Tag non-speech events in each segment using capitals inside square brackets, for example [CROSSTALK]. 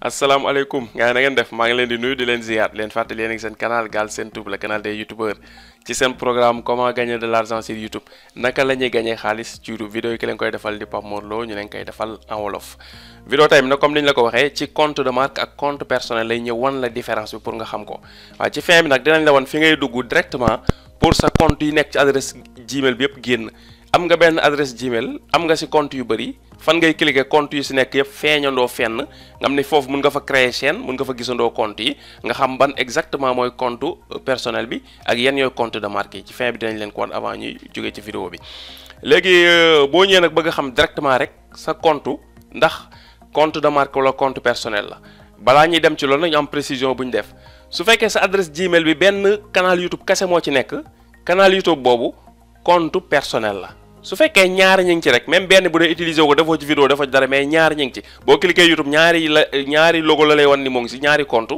asalaamaaleykum gars yi na ngeen def maa ngi leen di nuyu di leen ziyaar leen fàttali yéen a ngi seen canal Galsen Tube la canal des youtubeurs ci seen programme comment gagner de l'argent sur youtube naka la ñuy xaalis ci youtube vidéo yi ki leen koy defal di Pape Mor Lo ñu leen koy defal en wolof vidéo tey bi comme ni ñu la ko waxee ci compte de marque ak compte personnel lay ñëw wan la différence bi pour nga xam ko waaw ci fin bi nag dinañ la wan fi ngay dugg directement pour sa compte yi nekk ci adresse gmail bi yëpp génn am nga benn adresse gmail am nga si compte yu bëri fan ngay cliquer compte yu si nekk yëpp feeñandoo fenn nga xam ne foofu mun nga fa créer chaîne mun nga fa gisandoo compte yi nga xam ban exactement mooy compte personnel bi ak yan yooy compte de marque yi ci fin bi dinañ leen ko wan avant ñuy jógee bi léegi euh, boo ñëwee nag bëgg a xam directement rek sa compte ndax compte de marque wala compte personnel la balaa ñuy dem ci loolu nañu am précision bu ñu def su fekkee sa adresse Gmail bi benn canal YouTube kese moo ci nekk canal YouTube boobu compte personnel la su fekkee ñaari ñu ngi ci rek même benn bu dee utiliser ko defoo ci vidéo defoo ci dara mais ñaari ñu ngi ci boo cliquer YouTube ñaari la ñaari logo la lay wan ni moo ngi si ñaari compte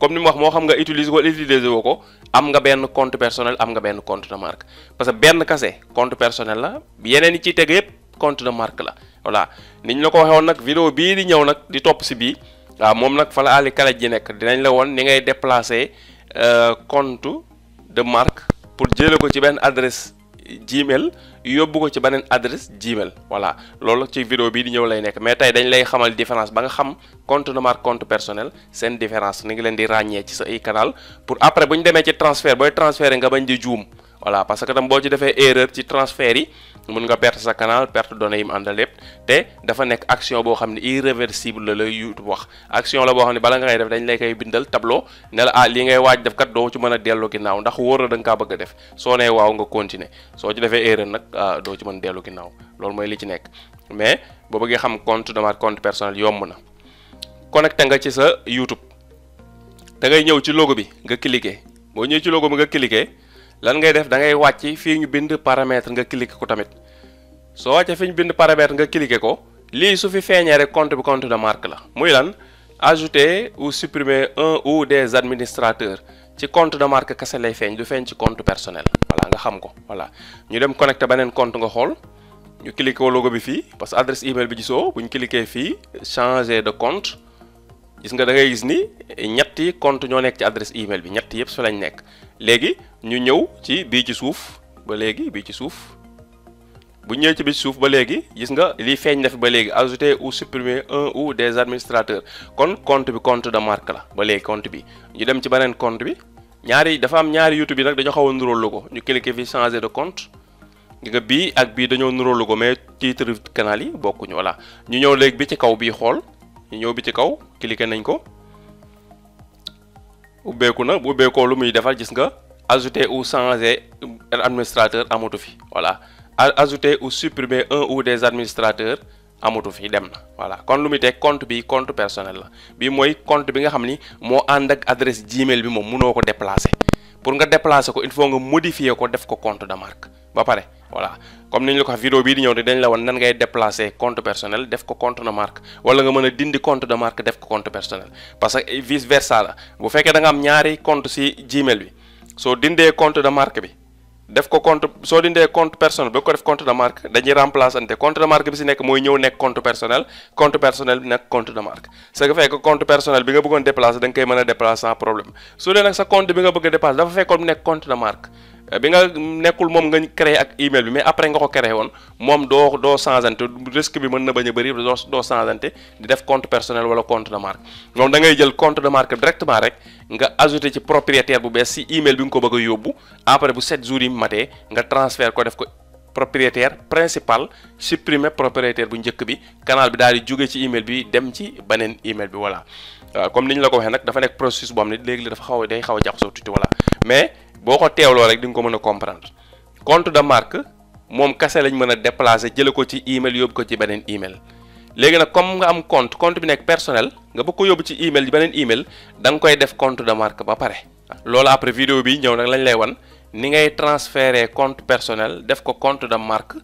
comme ni mu wax moo xam nga utiliser ko utiliser woo ko am nga benn compte am nga benn compte de marque parce benn kase compte personnel la yeneen yi ciy teg yëpp compte de marque la voilà niñ la ko waxee woon nag vidéo bii di ñëw nag di topp si bii waaw moom nag fa la àlli ji nekk dinañ la woon ni ngay déplacer euh, compte de marque pour jële ko ci benn adresse Gmail yóbbu ko ci beneen adresse Gmail voilà loolu ci vidéo bii di ñëw lay nekk mais tey dañ lay xamal différence ba nga xam compte Nomad compte personnel seen différence ni ngi leen di ràññee ci sa ay canal pour après bu ñu demee ci transfert booy transférer nga bañ di juum voilà parce que tam ci defee erreur ci transfert yi mun nga perte sa canal perte données yi mu àndal lépp te dafa nekk action boo xam ne irréversible la lay YouTube wax action la boo xam ne bala nga koy def dañ lay koy bindal tableau ne la ah li ngay waaj def kat doo ci mën a dellu ginnaaw ndax wóor na da nga kaa bëgg a def soo nee waaw nga continuer soo ci defee erreur nag ah, doo ci mën dellu ginnaaw loolu mooy li ci nekk mais boo bëggee xam compte demande compte personnel yomb na connecté nga ci sa YouTube da ngay ñëw ci logo bi nga cliquer boo ñëwee ci logo bi nga cliquer lan ngay def da ngay wàcc fii ñu bind paramètre nga cliquer ko tamit soo wàccee fi ñu bind paramètre nga cliquer ko lii su fi feeñeere rek bi compte de marque la muy lan ajouter ou supprimer un ou des administrateurs ci compte de marque kese lay feeñ du feeñ ci compte personnel voilà nga xam ko voilà ñu dem connecté beneen compte nga xool ñu cliquer logo bi fii parce que adresse email bi gisoo bu ñu cliquer fii changer de compte gis nga dangay gis ni ñetti compte ñoo nekk ci adresse email bi ñetti yëpp su lañ nekk léegi ñu ñëw ci bii ci suuf ba léegi bii ci suuf bu ñëwee ci bii ci suuf ba léegi gis nga lii feeñ na fi ba léegi ajouter ou supprimer un ou des administrateurs kon compte bi compte de marque la ba léegi compte bi ñu dem ci beneen compte bi ñaari dafa am ñaari YouTube yi nag dañoo xaw a nuróolu ko ñu cliquer fi changer de compte nga bii ak bii dañoo nuroolu ko mais titre canal yi bokkuñu voilà ñu ñëw léegi bi ci kaw bii xool. ñu ñëw bi ci kaw cliquer nañ ko ubbeeku na bu ubbeekoo lu muy defal gis nga ajouter ou changer administrateur amatu fi voilà ajouter ou supprimer un ou des administrateurs amatu fi dem na voilà kon lu muy teg compte bi compte personnel la bi mooy compte bi nga xam ni moo ànd ak adresse Gmail bi moom munoo ko déplacé pour nga déplacer ko il faut nga modifier ko def ko compte de marque ba pare voilà comme ni ñu la ko wax vidéo bii di ñëw di dañ la wan nan ngay déplacer compte personnel def ko compte de marque wala nga mën a dindi compte de marque def ko compte personnel parce que vice versa la bu fekkee da nga am ñaari compte ci Gmail bi soo dindee compte de marque bi def ko compte soo dindee compte personnel ba ko def compte de marque dañuy remplaçante compte de marque bi si nekk mooy ñëw nekk compte personnel compte personnel nekk compte de marque ce qui fait personnel bi nga bëggoon déplacer da nga mën a déplacer sans problème su dee nag sa compte bi nga bëgg a déplacer dafa fekkoon mu nekk compte de marque Euh, bi nga nekkul moom nga créé ak email bi mais après nga ko créé woon moom doo doo changeante risque bi mën na bañ a bëri doo doo changeante di def compte personnel wala compte de marque moom da ngay jël compte de marque directement rek nga ajouté ci propriétaire bu bees si email bi nga ko bëgg a yóbbu après bu 7 jours yi matee nga transfert ko def ko propriétaire principal supprimer propriétaire bu njëkk bi canal bi daal di jóge ci email bi dem ci beneen email bi voilà comme ni ñu la ko waxee nag dafa nekk processus boo ne léegi li dafa xaw day xaw a jaxasoo boo ko teewloo rek di nga ko mën a comprendre compte de marque moom kase lañ mën a déplacer jële ko ci email yóbbu ko ci beneen email léegi nag comme nga am compte compte bi nekk personnel nga bëgg ko yóbbu ci email beneen email da nga koy def compte de marque ba pare. loolu après vidéo bi ñëw nag lañ lay wan ni ngay transférer compte personnel def ko compte de marque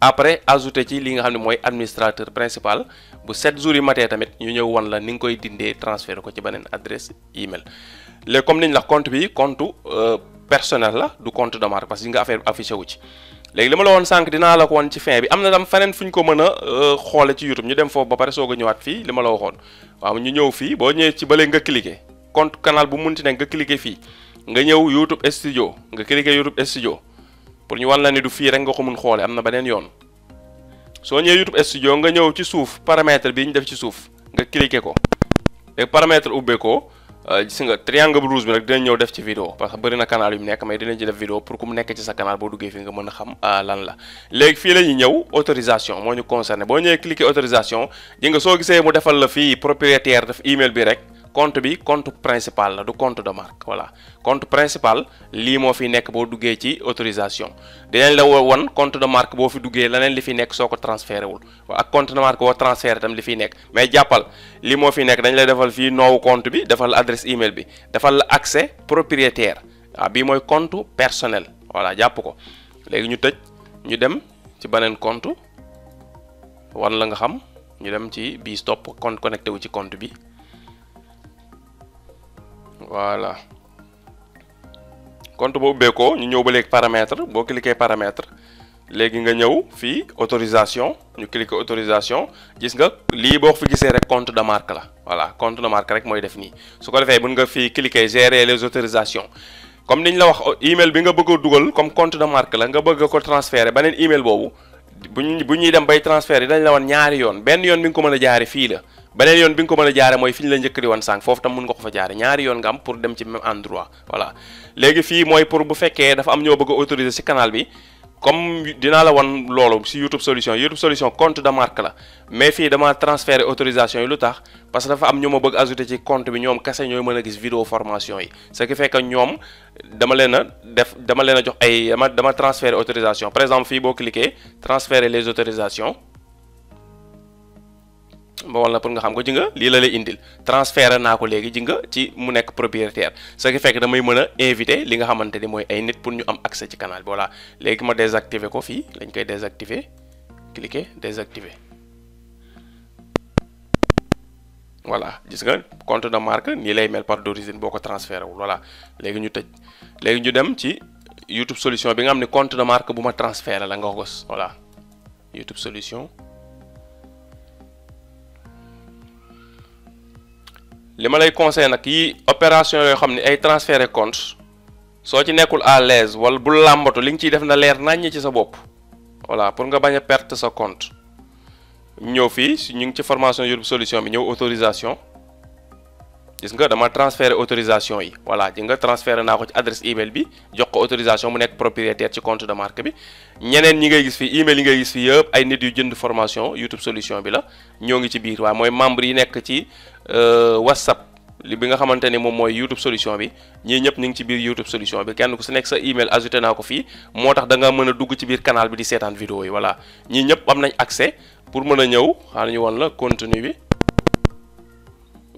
après ajouter ci li nga xam ne mooy administrateur principal bu 7 jours yi matee tamit ñu ñëw wan la ni nga koy dindee transférer ko ci beneen adresse email léegi comme niñ la compte bi compte. Euh, personnel la du compte de marque parce que nga affaire affiché wu ci léegi li ma la woon sànq dinaa la ko woon ci fin bi am na tam feneen fu ñu ko mën a euh, xoole ci YouTube ñu dem foofu ba pare soog a ñëwaat waxoon waaw ñu ñëw fii boo ñëwee ci bële nga cliqué compte canal bu munti nekk nga cliqué fii nga ñëw YouTube studio nga cliqué YouTube studio pour ñu wan la ni fii rek nga ko mun xoole am na beneen yoon soo ñëwee YouTube studio nga ñëw ci suuf paramètre bi ñu def ci suuf nga cliqué ko léegi paramètre ubbee ko Euh, gis nga triangle rouge bi nag dinañ ñëw def ci vidéo parce que bëri na canal yu mu nekk mais dinañ ci def vidéo pour ku mu nekk ci sa canal boo duggee fi nga mën a xam euh, lan la léegi fii la ñuy ñëw autorisation moo ñu concerné boo ñëwee cliquer autorisation di nga soo gisee mu defal la fii propriétaire def email bi rek compte bi compte principal la du compte de marque voilà compte principal lii moo fi nekk boo duggee ci autorisation dinañ la won compte de marque boo fi duggee leneen li fi nekk soo ko transféré wul ak compte de marque boo transféré tam li fi nekk mais jàppal lii moo fi nekk dañ lay defal fi noowu compte bi defal la adresse email bi defal la accès propriétaire waaw bii mooy compte personnel voilà jàpp ko léegi ñu tëj ñu dem ci beneen compte wan la nga xam ñu dem ci bii stop kon connecté wu ci compte bi voilà compte boo ubbee ko ñu ñëw ba paramètre boo cliquer paramètre léegi nga ñëw fii autorisation ñu cliquer autorisation gis nga lii boo fi gisee rek compte de marque la voilà compte de marque rek mooy def nii su ko defee mën nga fi cliquer gérer les autorisations comme niñ la wax email bi nga bëgg a dugal comme compte de marque la nga bëgg ko transférer beneen email boobu bu ñuy dem bay transférer dañ la wan ñaari yoon benn yoon mi ngi ko mën a jaare fii la beneen yoon bi nga ko mën a jaare mooy fi ñu la njëkk di wan sànq foofu tam mun nga ko fa jaare ñaari yoon nga am pour dem ci même endroit voilà léegi fii mooy pour bu fekkee dafa am ñoo bëgg a autoriser ci canal bi comme dinaa la wan loolu ci YouTube solution YouTube solution compte de marque la mais fii dama transférer autorisation yi lu tax parce que dafa am ñu ma bëgg ajouter ci compte bi ñoom kese ñooy mën a gis vidéo formation yi ce qui fait que dama leen def dama leen a jox ay dama dama transférer autorisation par exemple fii boo cliquer transférer les autorisations ma wal pour nga xam ko ji nga lii la la indil transféré naa ko léegi ji nga ci mu nekk propriétaire ce qui fekk damay mën a invité li nga xamante ni mooy ay nit pour ñu am accès ci kanaal bi voilà léegi ma désactiver ko fii lañ koy désactiver cliquer désactiver voilà gis nga compte de marque nii lay mel par d'origine boo ko transféré wul voilà léegi ñu tëj léegi ñu dem ci YouTube solution bi nga xam ne compte de marque bu ma transféré la nga ko voilà YouTube solution li ma lay conseil nag yi opération yoo xam ne ay transféré compte soo ci nekkul à l'aise wala bu làmbatu li nga ciy def na leer nàññi ci sa bopp voilà pour nga bañ a perte sa compte ñëw fii ñu ngi ci formation Youtube solution bi ñëw autorisation gis nga dama transféré autorisation yi voilà ji nga transféré naa ko ci adresse email bi jox ko autorisation bu nekk propriétaire ci compte de marque bi ñeneen ñi ngay gis fii email yi ngay gis fii yëpp ay nit yu jënd formation YouTube solution bi la ñoo ngi ci biir waaye mooy membre yi nekk ci euh, WhatsApp li bi nga xamante ni moom mooy YouTube solution bi ñii ñëpp ñu ngi ci biir YouTube solution bi kenn ku si nekk sa email ajouté naa ko fii moo tax da nga a dugg ci biir canal bi di seetaan vidéo yi voilà ñii ñëpp am nañ accès pour mën a ñëw xaar ñu woon la contenu bi.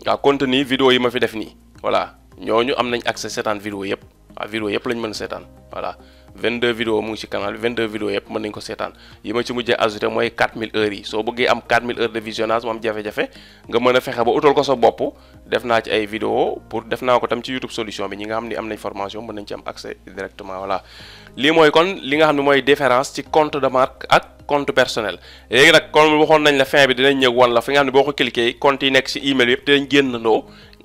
waaw contenu vidéo yi ma fi def nii voilà ñooñu am nañ accès seetaan vidéo yëpp waaw vidéo yëpp lañ mën a seetaan voilà 22 vidéo mu ngi ci canal bi 22 vidéo yëpp mën nañ ko seetaan yi ma ci mujjee ajouté mooy 4000 heures yi soo bëggee am 4000 heures de visionnage mu am jafe-jafe nga mën a fexe ba utal ko sa bopp def naa ci ay vidéo pour def naa ko tam ci YouTube solution bi ñi nga xam ni am nañ formation mën nañ ci am accès directement voilà lii mooy kon li nga xam ne mooy différence ci compte de marque ak compte personnel léegi nag kon waxoon nañ la fin bi dinañ fi nga xam ne boo ko cliquer compte yi nekk ci email yëpp dinañ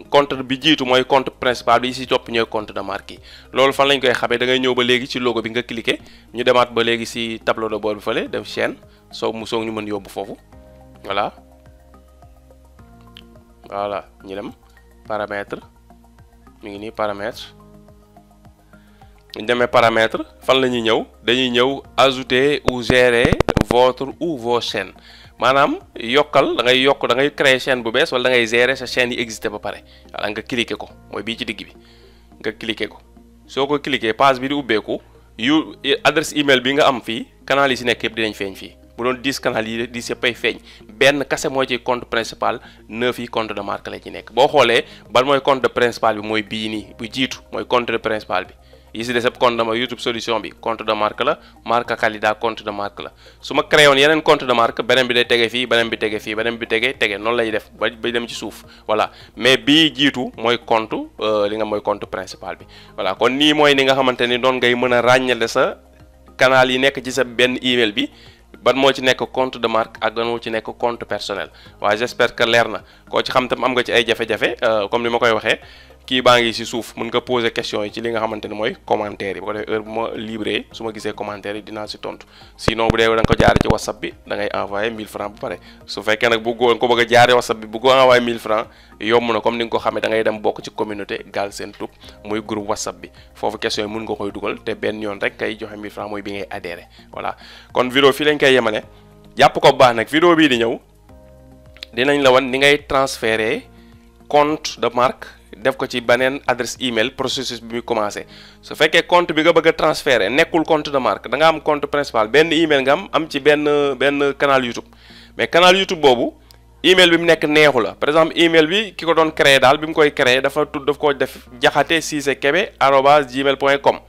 contre bi jiitu mooy contre principal bi si topp ñooy contre de marque yi loolu fan lañ koy xamee dangay ngay ñëw ba léegi ci logo bi nga cliqué ñu demaat ba léegi si tableau de bord bi fële def chaîne soo mu soo ñu mën yóbbu foofu voilà voilà ñu dem paramètre mu ngi nii paramètre ñu demee paramètre fan la ñuy ñëw dañuy ñëw ajouter ou gérer votre ou vos chaine maanaam yokkal da yokk da ngay créer chaîne bu bees wala da ngay gérer sa chaîne yi existé ba pare wala nga cliquer ko mooy bii ci digg bi nga cliquer ko soo ko cliquer page bi di ubbeeku yu adresse email bi nga am fii canal yi si nekk yëpp dinañ feeñ fii bu doon 10 canal yi 10 yëpp ay feeñ benn kase moo ci compte principal 9 yi compte de marque lañ ci nekk boo xoolee ban mooy compte de principal bi mooy bii nii bu jiitu mooy compte de principal bi yi si des yëpp compte de marque YouTube solution bi compte de marque la marque Kalida compte de marque la su ma créé woon yeneen compte de marque beneen bi day tege fii beneen bi tege fii beneen bi tege tege noonu lay def ba ba dem ci suuf voilà mais bii jiitu mooy compte euh, li nga mooy compte principal bi voilà kon nii mooy ni nga xamante ni doon ngay mën a ràññale sa canal yi nekk ci sa benn email bi. ban moo ci nekk compte de marque ak ban ci nekk compte personnel waa j'espère que leer na koo ci xam am nga ci ay jafe-jafe euh, comme ni ma koy waxee kii baa ngi si suuf mën nga poser question yi ci li nga xamante ne mooy commentaire yi bu ko defee heure bu ma libre su ma gisee commentaire yi dinaa si tontu sinon bu dee da nga ko jaare ci whatsapp bi da a jaare whatsapp bi te benn yoon rek kay joxe 1000 francs mooy bi ko bu baax nag vidéo di ñëw dinañ la wan ni ngay transférer compte de marque def ko ci beneen adresse email processus bi muy commencé su fekkee compte bi nga bëgg a transférer nekkul compte de marque da am compte principal benn email nga am am ci benn benn canal YouTube mais canal YouTube boobu email bi mu nekk neexula par exemple email bi ki ko doon créer daal bi mu koy créer dafa tudd daf ko def jaxate siise kebe arobase gmail point com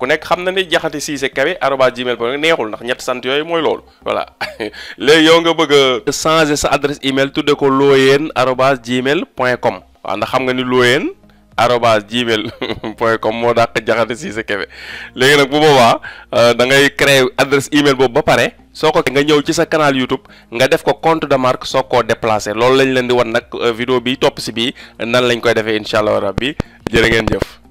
ku nekk xam na ni jaxate siise kebe arobase gmail point neexul ndax ñett sant yooyu mooy loolu voilà [LAUGHS] léegi yow nga bëgg a sa adresse email tudde ko looyeen arobase gmail point com waaw ndax xam nga ni looyeen aroba gmail [LAUGHS] point com moo dàq jaxate si sa kebe léegi nag bu boobaa euh, da ngay créer adresse email boobu ba pare soo ko nga ñëw ci sa canal YouTube nga def ko compte de marque soo koo déplacé loolu lañ leen di wan nag euh, vidéo bi topp si bii nan lañ koy defee incha allah rabbi jërë ngeen jëf.